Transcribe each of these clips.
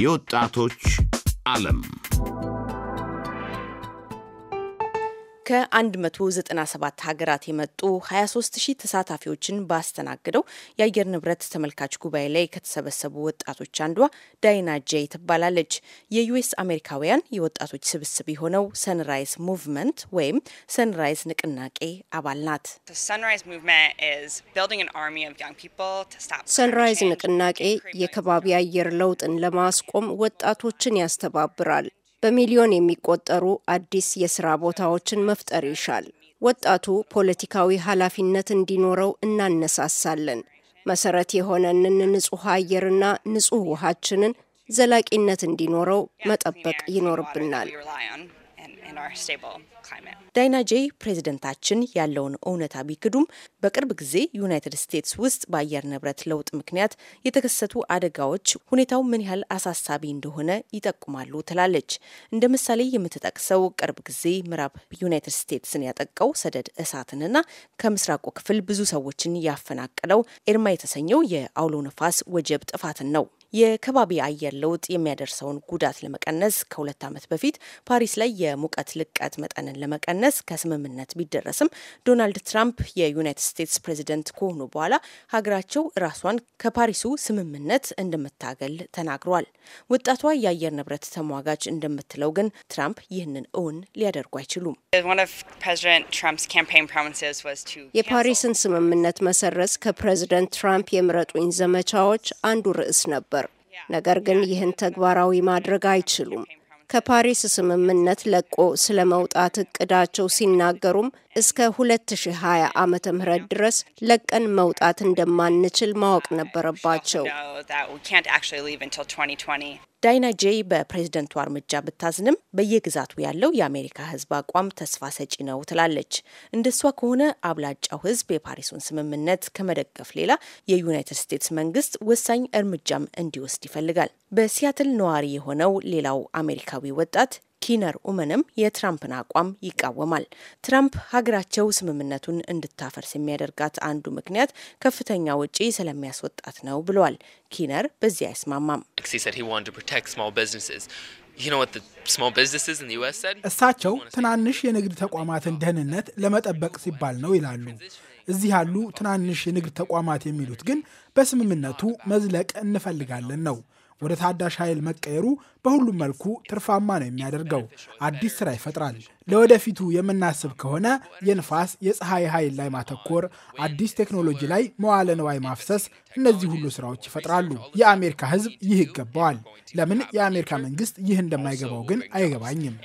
የወጣቶች ዓለም ከ197 ሀገራት የመጡ 23000 ሺህ ተሳታፊዎችን ባስተናግደው የአየር ንብረት ተመልካች ጉባኤ ላይ ከተሰበሰቡ ወጣቶች አንዷ ዳይና ጄይ ትባላለች። የዩኤስ አሜሪካውያን የወጣቶች ስብስብ የሆነው ሰንራይዝ ሙቭመንት ወይም ሰንራይዝ ንቅናቄ አባል ናት። ሰንራይዝ ንቅናቄ የከባቢ አየር ለውጥን ለማስቆም ወጣቶችን ያስተባብራል። በሚሊዮን የሚቆጠሩ አዲስ የስራ ቦታዎችን መፍጠር ይሻል። ወጣቱ ፖለቲካዊ ኃላፊነት እንዲኖረው እናነሳሳለን። መሰረት የሆነንን ንጹህ አየርና ንጹህ ውሃችንን ዘላቂነት እንዲኖረው መጠበቅ ይኖርብናል። ዳይና ጄ ፕሬዝደንታችን ያለውን እውነታ ቢክዱም በቅርብ ጊዜ ዩናይትድ ስቴትስ ውስጥ በአየር ንብረት ለውጥ ምክንያት የተከሰቱ አደጋዎች ሁኔታው ምን ያህል አሳሳቢ እንደሆነ ይጠቁማሉ ትላለች። እንደ ምሳሌ የምትጠቅሰው ቅርብ ጊዜ ምዕራብ ዩናይትድ ስቴትስን ያጠቀው ሰደድ እሳትንና ከምስራቁ ክፍል ብዙ ሰዎችን ያፈናቀለው ኤርማ የተሰኘው የአውሎ ነፋስ ወጀብ ጥፋትን ነው። የከባቢ አየር ለውጥ የሚያደርሰውን ጉዳት ለመቀነስ ከሁለት ዓመት በፊት ፓሪስ ላይ የሙቀት ልቀት መጠንን ለመቀነስ ከስምምነት ቢደረስም ዶናልድ ትራምፕ የዩናይትድ ስቴትስ ፕሬዚደንት ከሆኑ በኋላ ሀገራቸው ራሷን ከፓሪሱ ስምምነት እንደምታገል ተናግሯል። ወጣቷ የአየር ንብረት ተሟጋች እንደምትለው ግን ትራምፕ ይህንን እውን ሊያደርጉ አይችሉም። የፓሪስን ስምምነት መሰረዝ ከፕሬዚደንት ትራምፕ የምረጡኝ ዘመቻዎች አንዱ ርዕስ ነበር። ነገር ግን ይህን ተግባራዊ ማድረግ አይችሉም። ከፓሪስ ስምምነት ለቆ ስለ መውጣት እቅዳቸው ሲናገሩም እስከ 2020 ዓመተ ምህረት ድረስ ለቀን መውጣት እንደማንችል ማወቅ ነበረባቸው። ዳይና ጄይ በፕሬዝደንቷ እርምጃ ብታዝንም በየግዛቱ ያለው የአሜሪካ ሕዝብ አቋም ተስፋ ሰጪ ነው ትላለች። እንደሷ ከሆነ አብላጫው ሕዝብ የፓሪሱን ስምምነት ከመደገፍ ሌላ የዩናይትድ ስቴትስ መንግስት ወሳኝ እርምጃም እንዲወስድ ይፈልጋል። በሲያትል ነዋሪ የሆነው ሌላው አሜሪካዊ ወጣት ኪነር ኡመንም የትራምፕን አቋም ይቃወማል። ትራምፕ ሀገራቸው ስምምነቱን እንድታፈርስ የሚያደርጋት አንዱ ምክንያት ከፍተኛ ወጪ ስለሚያስወጣት ነው ብለዋል። ኪነር በዚህ አይስማማም። እሳቸው ትናንሽ የንግድ ተቋማትን ደህንነት ለመጠበቅ ሲባል ነው ይላሉ። እዚህ ያሉ ትናንሽ የንግድ ተቋማት የሚሉት ግን በስምምነቱ መዝለቅ እንፈልጋለን ነው ወደ ታዳሽ ኃይል መቀየሩ በሁሉም መልኩ ትርፋማ ነው የሚያደርገው። አዲስ ስራ ይፈጥራል። ለወደፊቱ የምናስብ ከሆነ የንፋስ የፀሐይ ኃይል ላይ ማተኮር፣ አዲስ ቴክኖሎጂ ላይ መዋለ ንዋይ ማፍሰስ፣ እነዚህ ሁሉ ስራዎች ይፈጥራሉ። የአሜሪካ ህዝብ ይህ ይገባዋል። ለምን የአሜሪካ መንግስት ይህ እንደማይገባው ግን አይገባኝም።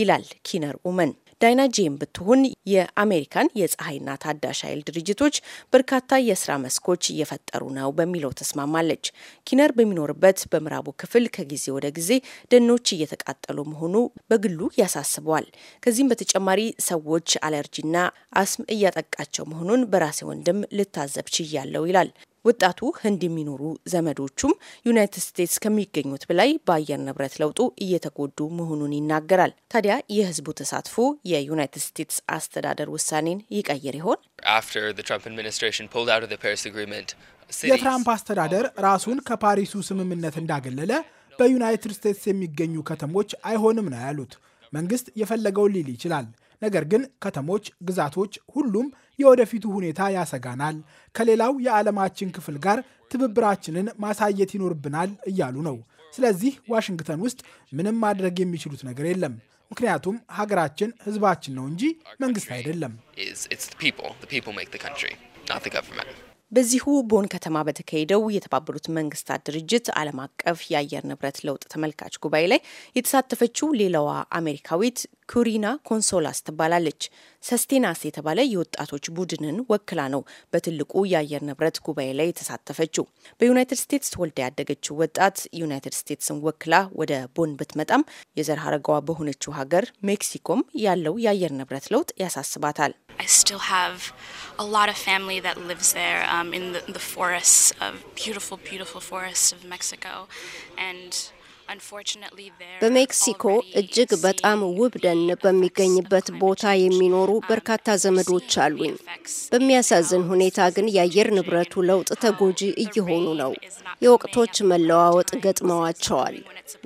ይላል ኪነር ኡመን። ጄም ብትሆን የአሜሪካን የፀሐይና ታዳሽ ኃይል ድርጅቶች በርካታ የስራ መስኮች እየፈጠሩ ነው በሚለው ተስማማለች። ኪነር በሚኖርበት በምዕራቡ ክፍል ከጊዜ ወደ ጊዜ ደኖች እየተቃጠሉ መሆኑ በግሉ ያሳስበዋል። ከዚህም በተጨማሪ ሰዎች አለርጂና አስም እያጠቃቸው መሆኑን በራሴ ወንድም ልታዘብ ችያለው ይላል። ወጣቱ ህንድ የሚኖሩ ዘመዶቹም ዩናይትድ ስቴትስ ከሚገኙት በላይ በአየር ንብረት ለውጡ እየተጎዱ መሆኑን ይናገራል። ታዲያ የህዝቡ ተሳትፎ የዩናይትድ ስቴትስ አስተዳደር ውሳኔን ይቀይር ይሆን? የትራምፕ አስተዳደር ራሱን ከፓሪሱ ስምምነት እንዳገለለ በዩናይትድ ስቴትስ የሚገኙ ከተሞች አይሆንም ነው ያሉት። መንግስት የፈለገው ሊል ይችላል። ነገር ግን ከተሞች፣ ግዛቶች ሁሉም የወደፊቱ ሁኔታ ያሰጋናል፣ ከሌላው የዓለማችን ክፍል ጋር ትብብራችንን ማሳየት ይኖርብናል እያሉ ነው። ስለዚህ ዋሽንግተን ውስጥ ምንም ማድረግ የሚችሉት ነገር የለም። ምክንያቱም ሀገራችን ህዝባችን ነው እንጂ መንግስት አይደለም። በዚሁ ቦን ከተማ በተካሄደው የተባበሩት መንግስታት ድርጅት ዓለም አቀፍ የአየር ንብረት ለውጥ ተመልካች ጉባኤ ላይ የተሳተፈችው ሌላዋ አሜሪካዊት ኩሪና ኮንሶላስ ትባላለች። ሰስቴናስ የተባለ የወጣቶች ቡድንን ወክላ ነው በትልቁ የአየር ንብረት ጉባኤ ላይ የተሳተፈችው። በዩናይትድ ስቴትስ ወልዳ ያደገችው ወጣት ዩናይትድ ስቴትስን ወክላ ወደ ቦን ብትመጣም የዘር ሀረጋዋ በሆነችው ሀገር ሜክሲኮም ያለው የአየር ንብረት ለውጥ ያሳስባታል። በሜክሲኮ እጅግ በጣም ውብ ደን በሚገኝበት ቦታ የሚኖሩ um, በርካታ ዘመዶች አሉኝ። በሚያሳዝን ሁኔታ ግን የአየር ንብረቱ ለውጥ ተጎጂ እየሆኑ ነው። የወቅቶች መለዋወጥ ገጥመዋቸዋል።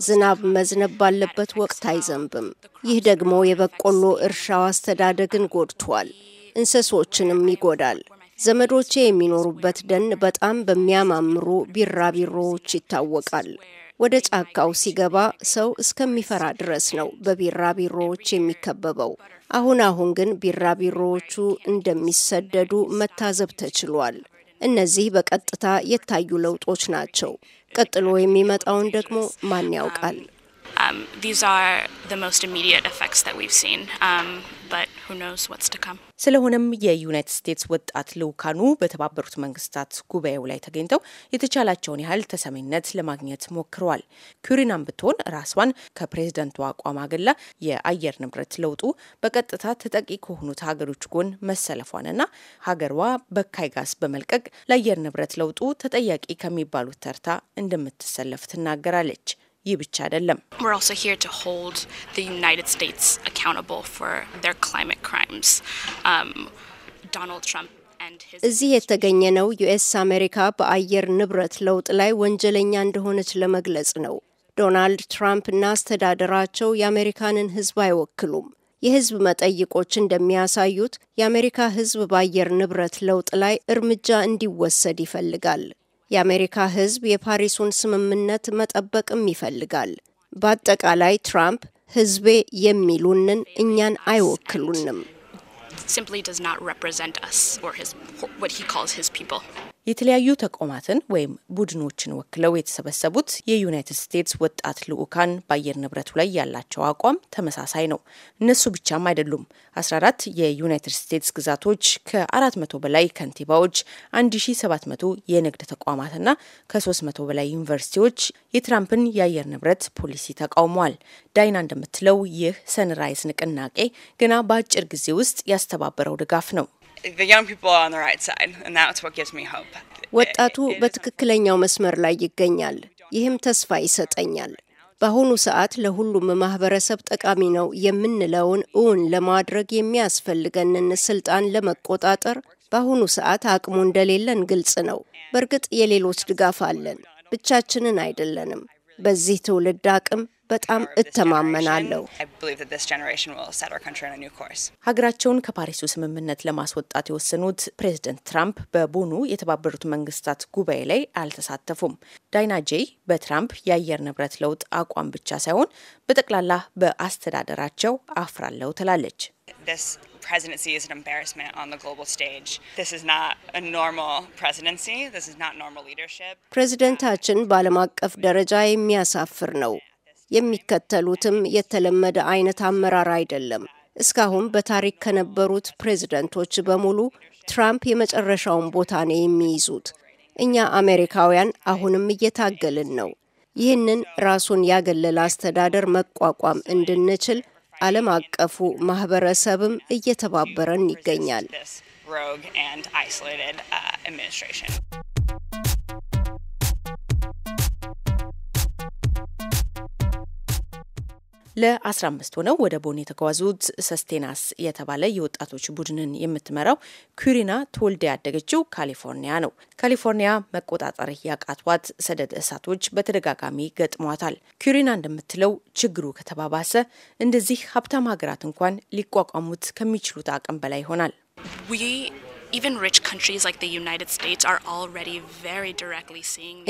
ዝናብ መዝነብ ባለበት ወቅት አይዘንብም። ይህ ደግሞ የበቆሎ እርሻው አስተዳደግን ጎድቷል፣ እንስሶችንም ይጎዳል። ዘመዶቼ የሚኖሩበት ደን በጣም በሚያማምሩ ቢራቢሮዎች ይታወቃል። ወደ ጫካው ሲገባ ሰው እስከሚፈራ ድረስ ነው በቢራቢሮዎች የሚከበበው። አሁን አሁን ግን ቢራቢሮዎቹ እንደሚሰደዱ መታዘብ ተችሏል። እነዚህ በቀጥታ የታዩ ለውጦች ናቸው። ቀጥሎ የሚመጣውን ደግሞ ማን ያውቃል? Um, these are the most immediate effects that we've seen, um, but who knows what's to come. ስለሆነም የዩናይትድ ስቴትስ ወጣት ልዑካኑ በተባበሩት መንግስታት ጉባኤው ላይ ተገኝተው የተቻላቸውን ያህል ተሰሚነት ለማግኘት ሞክረዋል። ኩሪናም ብትሆን ራሷን ከፕሬዝደንቱ አቋም አገላ የአየር ንብረት ለውጡ በቀጥታ ተጠቂ ከሆኑት ሀገሮች ጎን መሰለፏንና ሀገሯ በካይ ጋስ በመልቀቅ ለአየር ንብረት ለውጡ ተጠያቂ ከሚባሉት ተርታ እንደምትሰለፍ ትናገራለች። ይህ ብቻ አይደለም። እዚህ የተገኘነው ዩኤስ አሜሪካ በአየር ንብረት ለውጥ ላይ ወንጀለኛ እንደሆነች ለመግለጽ ነው። ዶናልድ ትራምፕ እና አስተዳደራቸው የአሜሪካንን ሕዝብ አይወክሉም። የሕዝብ መጠይቆች እንደሚያሳዩት የአሜሪካ ሕዝብ በአየር ንብረት ለውጥ ላይ እርምጃ እንዲወሰድ ይፈልጋል። የአሜሪካ ሕዝብ የፓሪሱን ስምምነት መጠበቅም ይፈልጋል። በአጠቃላይ ትራምፕ ሕዝቤ የሚሉንን እኛን አይወክሉንም። የተለያዩ ተቋማትን ወይም ቡድኖችን ወክለው የተሰበሰቡት የዩናይትድ ስቴትስ ወጣት ልዑካን በአየር ንብረቱ ላይ ያላቸው አቋም ተመሳሳይ ነው። እነሱ ብቻም አይደሉም። 14 የዩናይትድ ስቴትስ ግዛቶች ከ400 በላይ ከንቲባዎች፣ 1700 የንግድ ተቋማትና ከ300 በላይ ዩኒቨርሲቲዎች የትራምፕን የአየር ንብረት ፖሊሲ ተቃውመዋል። ዳይና እንደምትለው ይህ ሰንራይዝ ንቅናቄ ገና በአጭር ጊዜ ውስጥ ያስተባበረው ድጋፍ ነው። ወጣቱ በትክክለኛው መስመር ላይ ይገኛል። ይህም ተስፋ ይሰጠኛል። በአሁኑ ሰዓት ለሁሉም ማህበረሰብ ጠቃሚ ነው የምንለውን እውን ለማድረግ የሚያስፈልገንን ስልጣን ለመቆጣጠር በአሁኑ ሰዓት አቅሙ እንደሌለን ግልጽ ነው። በእርግጥ የሌሎች ድጋፍ አለን፣ ብቻችንን አይደለንም። በዚህ ትውልድ አቅም በጣም እተማመናለሁ። ሀገራቸውን ከፓሪሱ ስምምነት ለማስወጣት የወሰኑት ፕሬዝደንት ትራምፕ በቦኑ የተባበሩት መንግስታት ጉባኤ ላይ አልተሳተፉም። ዳይና ጄይ በትራምፕ የአየር ንብረት ለውጥ አቋም ብቻ ሳይሆን በጠቅላላ በአስተዳደራቸው አፍራለሁ ትላለች። ፕሬዝደንታችን በዓለም አቀፍ ደረጃ የሚያሳፍር ነው። የሚከተሉትም የተለመደ አይነት አመራር አይደለም። እስካሁን በታሪክ ከነበሩት ፕሬዝደንቶች በሙሉ ትራምፕ የመጨረሻውን ቦታ ነው የሚይዙት። እኛ አሜሪካውያን አሁንም እየታገልን ነው። ይህንን ራሱን ያገለለ አስተዳደር መቋቋም እንድንችል ዓለም አቀፉ ማህበረሰብም እየተባበረን ይገኛል። ለ15 ሆነው ወደ ቦን የተጓዙት ሰስቴናስ የተባለ የወጣቶች ቡድንን የምትመራው ኩሪና ተወልዳ ያደገችው ካሊፎርኒያ ነው። ካሊፎርኒያ መቆጣጠር ያቃቷት ሰደድ እሳቶች በተደጋጋሚ ገጥሟታል። ኩሪና እንደምትለው ችግሩ ከተባባሰ እንደዚህ ሀብታም ሀገራት እንኳን ሊቋቋሙት ከሚችሉት አቅም በላይ ይሆናል።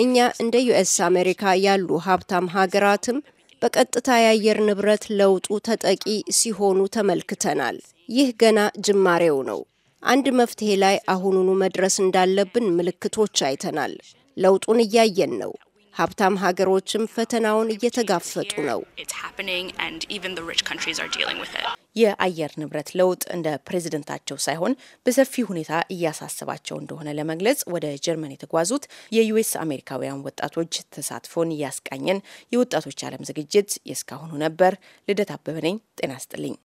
እኛ እንደ ዩኤስ አሜሪካ ያሉ ሀብታም ሀገራትም በቀጥታ የአየር ንብረት ለውጡ ተጠቂ ሲሆኑ ተመልክተናል። ይህ ገና ጅማሬው ነው። አንድ መፍትሄ ላይ አሁኑኑ መድረስ እንዳለብን ምልክቶች አይተናል። ለውጡን እያየን ነው። ሀብታም ሀገሮችም ፈተናውን እየተጋፈጡ ነው። የአየር ንብረት ለውጥ እንደ ፕሬዝደንታቸው ሳይሆን በሰፊ ሁኔታ እያሳሰባቸው እንደሆነ ለመግለጽ ወደ ጀርመን የተጓዙት የዩኤስ አሜሪካውያን ወጣቶች ተሳትፎን እያስቃኘን የወጣቶች ዓለም ዝግጅት የእስካሁኑ ነበር። ልደት አበበ ነኝ። ጤና ስጥልኝ።